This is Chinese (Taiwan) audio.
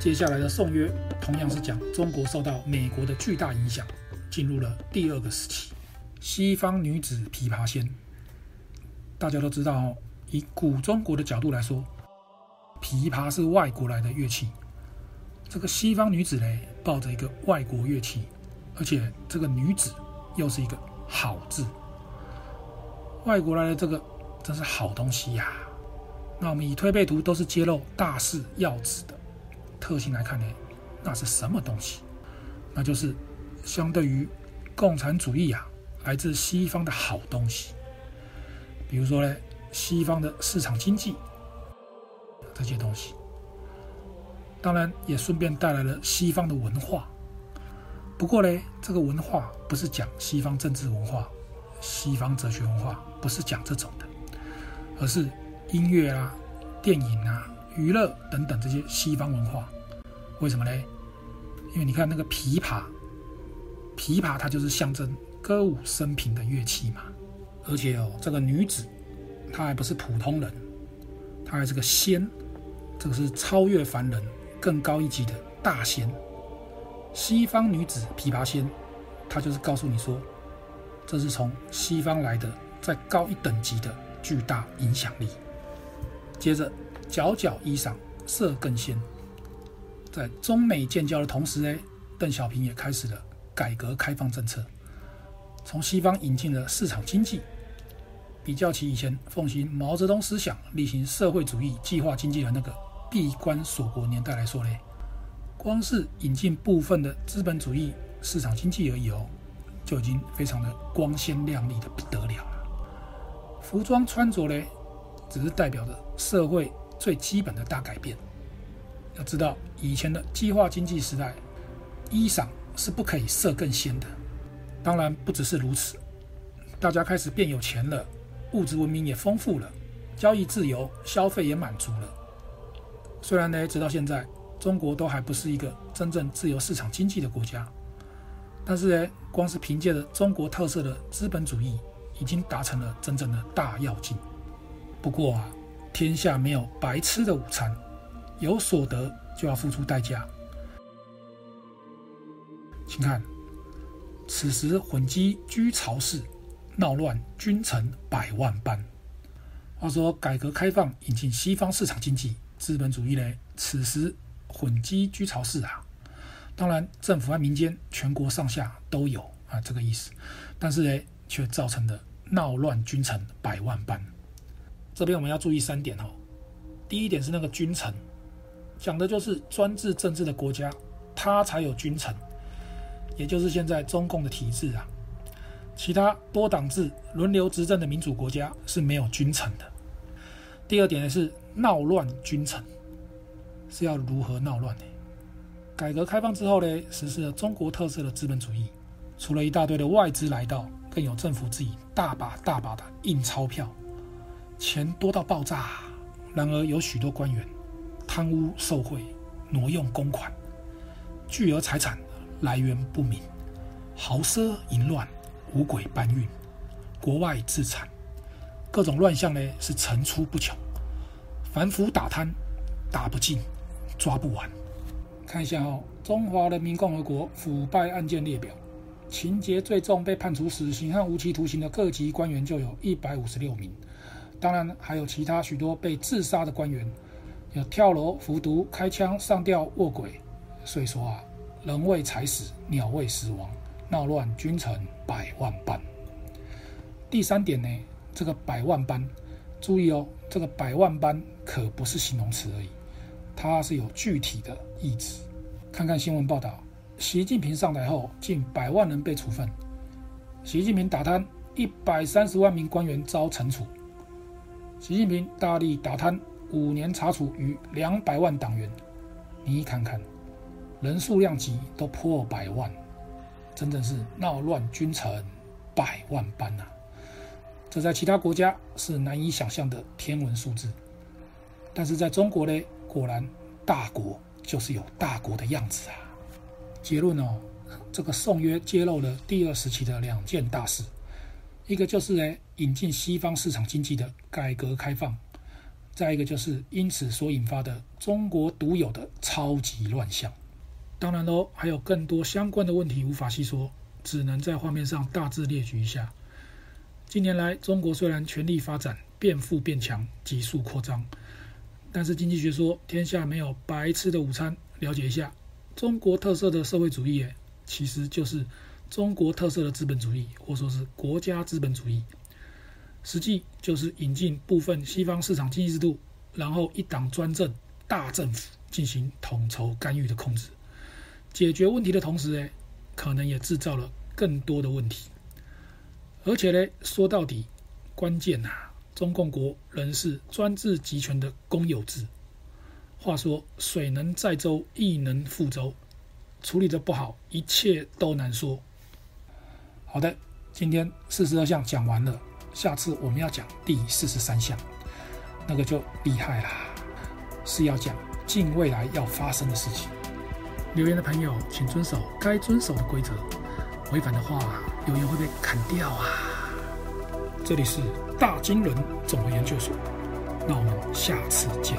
接下來的頌曰，同樣是講中國受到美國的巨大影響，進入了第二個時期。西方女子琵琶仙，大家都知道、哦，以古中國的角度來說，琵琶是外國來的樂器。這個西方女子嘞，抱着一個外國樂器，而且這個女子又是一個好字，外國來的這個真是好東西呀、啊。那我們以推背圖都是揭露大事要旨的。特性來看呢，那是什麼東西？那就是相對於共產主義啊，來自西方的好東西。比如說呢，西方的市場經濟這些東西，當然也順便帶來了西方的文化。不過呢，這個文化不是講西方政治文化、西方哲學文化，不是講這種的，而是音樂啊、電影啊。娛樂等等這些西方文化，為什麼嘞？因為你看那個琵琶，琵琶它就是象徵歌舞升平的樂器嘛。而且哦，這個女子她還不是普通人，她還是個仙，這個是超越凡人、更高一級的大仙。西方女子琵琶仙，她就是告訴你說，這是從西方來的、再高一等級的巨大影響力。接着。皎皎衣裳色更鮮，在中美建交的同時，呢，鄧小平也開始了改革開放政策，從西方引進了市場經濟。比較起以前奉行毛澤東思想、力行社會主義計劃經濟的那個閉關鎖國年代來說呢，光是引進部分的資本主義市場經濟而已哦，就已經非常的光鮮亮麗的不得了了。服裝穿着呢，只是代表着社會。最基本的大改變，要知道以前的計劃經濟時代，衣裳是不可以色更鮮的。當然不只是如此，大家開始變有錢了，物質文明也豐富了，交易自由，消費也滿足了。雖然呢，直到現在中國都還不是一個真正自由市場經濟的國家，但是呢，光是憑借着中國特色的資本主義，已經達成了真正的大躍進。不過啊。天下沒有白吃的午餐，有所得就要付出代價。請看，此時渾跡居朝市，鬧亂君臣百萬般。話說改革開放引進西方市場經濟資本主義嘞，此時渾跡居朝市啊，當然政府和民間，全國上下都有啊這個意思，但是嘞卻造成的鬧亂君臣百萬般。這邊我們要注意三點哦，第一點是那個君臣，講的就是專制政治的國家，它才有君臣，也就是現在中共的體制啊。其他多黨制輪流執政的民主國家是沒有君臣的。第二點呢是鬧亂君臣，是要如何鬧亂呢？改革開放之後呢，實施了中國特色的資本主義，除了一大堆的外資來到，更有政府自己大把大把的印鈔票。錢多到爆炸，然而有許多官員貪污受賄、挪用公款，巨額財產來源不明，豪奢淫亂、五鬼搬運、國外資產，各種亂象呢是層出不窮。反腐打貪打不盡，抓不完。看一下哦，《中華人民共和國腐敗案件列表》，情節最重被判處死刑和無期徒刑的各級官員就有一百五十六名。當然，還有其他許多被自殺的官員，有跳樓、服毒、開槍、上吊、臥軌。所以說啊，人為財死，鳥為食亡，鬧亂君臣百萬般。第三點呢，這個百萬般，注意哦，這個百萬般可不是形容詞而已，它是有具體的意指。看看新聞報道，習近平上台後，近百萬人被處分。習近平打貪，一百三十萬名官員遭懲處。習近平大力打貪，五年查處逾兩百萬黨員。你看看，人數量級都破百萬，真的是鬧亂君臣，百萬般吶、啊！這在其他國家是難以想象的天文數字。但是在中國嘞，果然大國就是有大國的樣子啊。結論哦，這個頌曰揭露了第二時期的兩件大事。一個就是呢，引進西方市場經濟的改革開放，再一個就是因此所引發的中國獨有的超級亂象。當然嘍，還有更多相關的問題無法細說，只能在畫面上大致列舉一下。近年來，中國雖然全力發展、變富變強、急速擴張，但是經濟學說天下沒有白吃的午餐。了解一下，中國特色的社會主義哎，其實就是。中國特色的資本主義，或說是國家資本主義，實際就是引進部分西方市場經濟制度，然後一黨專政、大政府進行統籌干預的控制，解決問題的同時，呢，可能也製造了更多的問題。而且呢，說到底，關鍵吶、啊，中共國仍是專制集權的公有制。話說，水能載舟，亦能覆舟，處理的不好，一切都難說。好的，今天四十二項講完了，下次我們要講第四十三項，那個就厲害啦，是要講近未來要發生的事情。留言的朋友，請遵守該遵守的規則，違反的話留言會被砍掉啊。這裡是大金輪綜合研究所，那我們下次見。